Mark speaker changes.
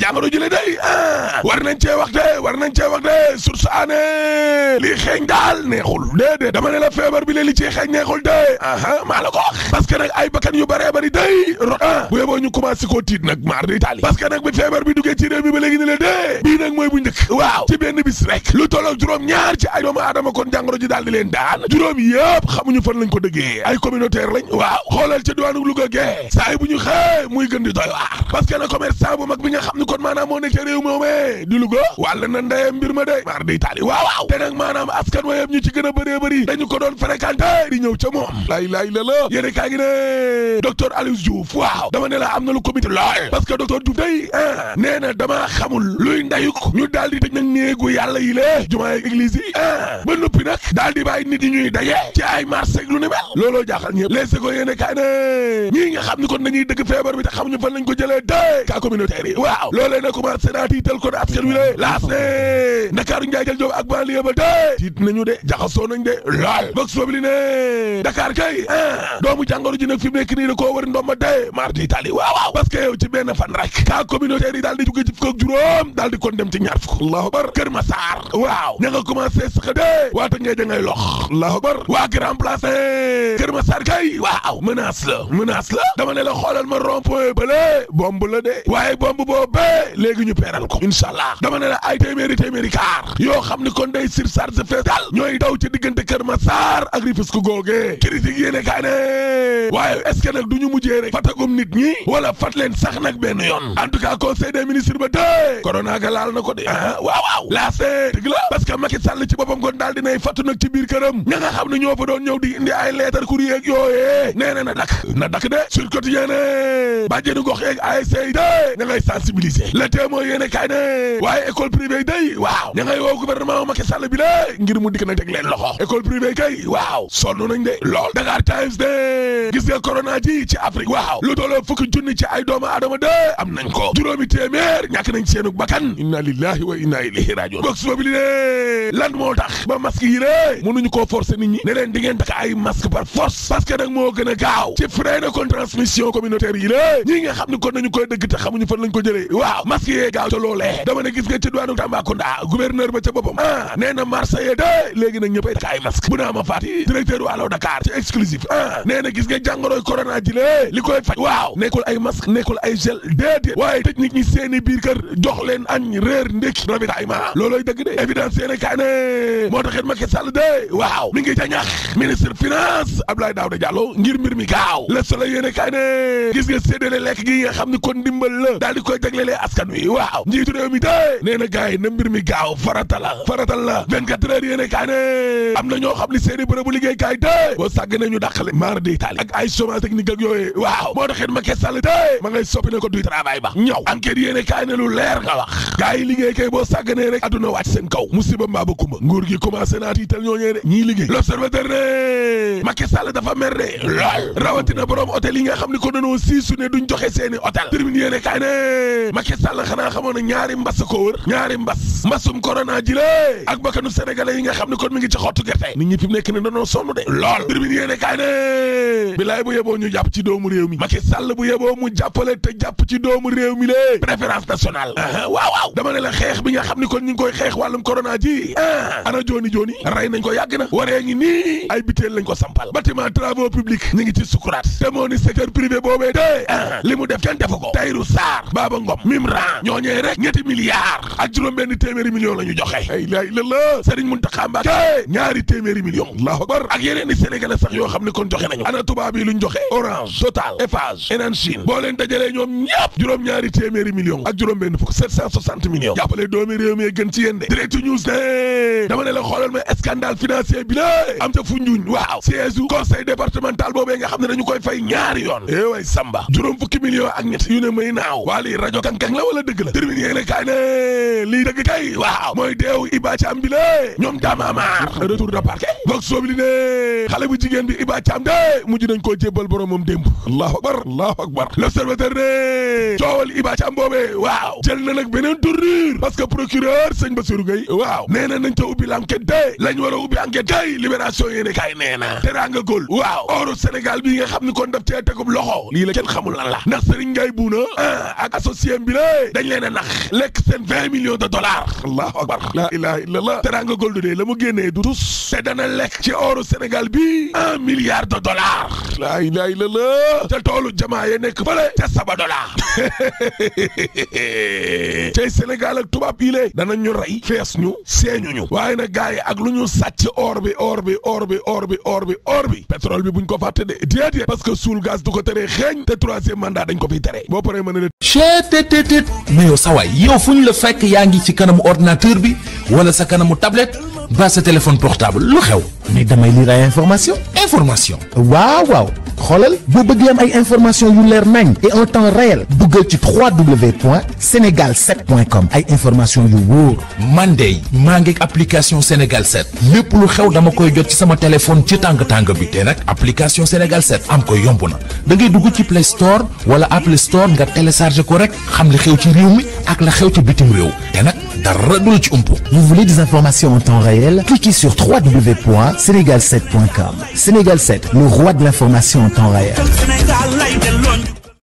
Speaker 1: jàngoro ji la day ah war nañ cee wax de war nañ cee wax de source aane lii xeeñ daal neexul déedéet dama ne la feebar bi la li ci xeeñ neexul de aha ah, maa la ko wax parce ay bakkan yu baree bari day ah bu yeboo ñu commencé koo tiit nag maar di taali parce que nag bi feebar bi duggee ci réew mi ba léegi ni la dee bii nag mooy bu njëkk waaw ci benn bis rek lu tolloog juróom ñaar ci ay doomu aadama kon jàngoro ji daal di leen daan juróom yëpp xamuñu fan lañ ko dëggee ay communautaire lañ waaw xoolal ca diwaanu Louga gee saa yi bu ñu xëy muy gën di doy waar parce que nag commerçant mag bi nga xam ni kon maanaam moo nekk ca réew moomee di Louga wàll na di taali waaw waaw maanaam askan wa yëpp ñu ci gën a bëree bëri dañu ko doon fréquenté waaw dama ne la am na lu comité laaye parce que docteur Diouf day ah nee na damaa xamul luy ndayuk ñu daal di tëj nag néegu yàlla yi lée jumaay ba noppi nag daal di bàyyi nit ñi ñuy daje ci ay marché lu ne mel looloo jaaxal ñëpp les secondes yéene kaay ñii nga xam ni kon dañuy dëgg feebar bi te xamuñu fan lañ ko jëlee dee cas communautaire yi waaw loolee na commencé naa tiital ko askan wi laas ne Ndakaaru njaay jël joob ak banlieue ba dee tiit nañu de jaxasoo de lool da koo war ndomba mardi itali waaw waaw parce yow ci benn fan rek ka communautaire yi di jóge ci juróom daal di kon dem ci ñaar fukk allahu akbar Kër Massar waaw ña nga commencé sax de waata ngay da ngay lox allahu akbar waa grand place Kër Massar kay waaw menace la menace la dama ne la xoolal ma rond-point bële bomb la de waaye bomb boobee léegi ñu peeral ko incha allah dama ne la ay téeméeri téeméeri kaar yoo xam ni kon day surcharge fees daal ñooy daw ci diggante tagum nit ñi wala fat leen sax nag benn yoon en tout cas conseil des ministres ba dee corona ga laal na ko de ah waaw waaw laase dëgg la parce que Macky Sall ci boppam kon daal dinay fattu nag ci biir këram ña nga xam ne ñoo fa doon ñëw di indi ay lettre courrier ak yooyee nee na na dak na dak de sur quotidien ne bàjjenu gox yeeg ASC yi de ña ngay sensibiliser le témoin kaay ne waaye école privée day waaw ña woo gouvernement Macky Sall bi de ngir mu dikk nag teg leen loxo école privée kay waaw sonn nañ de lool Dakar waaw lu tolloo fukki junni ci ay doomu aadama de am nañ ko juróomi téeméer ñàkk nañ seenu bakkan inna lillahi wa inna ilayhi rajiun bok suba bi lan moo tax ba masque yi de mënuñu koo forcer nit ñi ne leen di ngeen takk ay masque par force parce que nag moo gën a gaaw ci frais de transmission communautaire yi la ñi nga xam ni kon nañu koy dëgg te xamuñu fan lañ ko jëlee waaw masque yee gaaw ca loolee dama ne gis nga ci duwaanu Tambacounda gouverneur ba ca boppam ah faj waaw nekkul ay masque nekkul ay gel déedéet waaye tëj nit ñi seeni biir kër jox leen añ réer ndékki ravitaillement loolooy dëgg de évidence yéene kaay ne moo ma Macky Sall de waaw mi ngi ca ñax ministre finance Abdoulaye Daouda Diallo ngir mbir mi gaaw Le Soleil yéene kaay ne gis nga séddale lekk gi nga xam ne kon dimbal la daal di koy jaglelee askan wi waaw njiitu réew mi de nee na gars na mbir mi gaaw farata la faratal la 24 heures yéene kaay ne na ñoo xam ne seeni bërëbu liggéeykaay de boo sàgg nañu dàqale maar di taali ak ay chômage technique ak yooyu waaw boo taxit Macky ma ngay soppi na ko du travail ba ñaw enquête yéene kaay ne lu leer nga wax gars yi liggéey kay boo sàgganee rek adduna wàcc seen kaw musiba mbaa ba kumba nguur gi commencé naa tiital ñooñee de ñii liggéey l'observateur ne Macky Sall dafa mer de lool borom hôtel yi nga xam ne ko danoo siisu ne duñ joxe seeni hôtel termine yéene kaay ne Macky Sall xanaa xamoon ne ñaari mbas ko wër ñaari mbas mbasum corona ji lée ak bakkanu sénégalais yi nga xam ne kon mi ngi ci xottu gerte nit ñi fi mu nekk ne danoo sonn lool termine yéene kaay ne bilaay jàpp ci doomu réew mi Macky Sall bu yeboo mu jàppale te jàpp ci doomu réew mi lee préférence nationale waaw waaw dama ne la xeex bi nga xam ni kon ñu ngi koy xeex wàllum corona ji ah ana jooni jooni rey nañ ko yàgg na waree ngi nii ay biteel lañ ko sampal bâtiment travaux publics ñu ngi ci sukuraat te moo ni secteur privé boobee de ah li mu def kenn defu ko Tayru Sarr Baba Ngom Mimran ñooñee rek ñetti milliards ak juróom benn téeméeri million la ñu joxe ay laay la la Serigne Mountakha Mbacké ñaari téeméeri million allahu akbar ak yeneen xam ne kon joxe nañu ana tubaab yi Eiffage Enanchine boo leen dajalee ñoom ñëpp juróom-ñaari téeméeri millions ak juróom benn fukk 760 millions jàppale doomi réew mi gën ci yéen de direct news ne dama ne la xoolal ma scandale financier bi la am ta fu njuñ waaw siège conseil départemental boobee nga xam ne dañu koy fay ñaari yoon eh way samba juróom fukki millions ak ñett yu ne may naaw waa lii rajo kankang la wala dëgg la terminé yéen a kaay ne lii dëgg kay waaw mooy deew Iba Thiam bi la ñoom daamaamaar retour de parquet vox soobli ne xale bu akbar allahu akbar l'observateur ne coowal Iba Thiam boobee waaw jël na nag beneen tournure parce que procureur sëñ Bassirou Gueye waaw nee na nañ ca ubbi l'enquête de lañ war a ubbi enquête kay libération yéene kay nee na teraanga waaw oru Sénégal bii nga ni kon daf cee tegub loxo lii la kenn xamul lan la ndax Serigne Ngaye ah, ak associé bi la dañ leen a nax lekk seen vingt millions de dollars la ilaha illallah teraanga góol du dee la bi un milliard de dollars la toolu jamaa ya nekk fële ca Sabadola tey Sénégal ak tubaab yi lée danañ ñu rey fees ñu seeñu ñu waaye nag gars yi ak lu ñu sàcc or bi or bi or bi or bi or bi or bi pétrole bi buñ ko fàtte de déedéet parce que suul gaz du ko teree xeeñ te troisième mandat dañ ko fiy teree boo paree mën na la chetttt mais yow sawaay yow fu ñu la fekk yaa ngi ci kanamu ordinateur bi wala sa kanamu tablette ba sa téléphone portable lu xew mais damay lire ay information xoolal boo bëggee am ay information yu leer nañ et en temps réel duggal ci www.senegal7.com ay information yu wóor man de maa ngi application Sénégal 7 lépp lu xew dama koy jot ci sama téléphone ci tàng tàng bi te nag application Sénégal 7 am ko yomb na da ngay dugg ci Play Store wala Apple Store nga télécharger ko rek xam li xew ci réew mi ak la xew ci bitim réew te nag dara du la ci umpu. Vous voulez des informations en temps réel? Cliquez sur wwwsenegal Sénégal 7, le roi de en temps réel.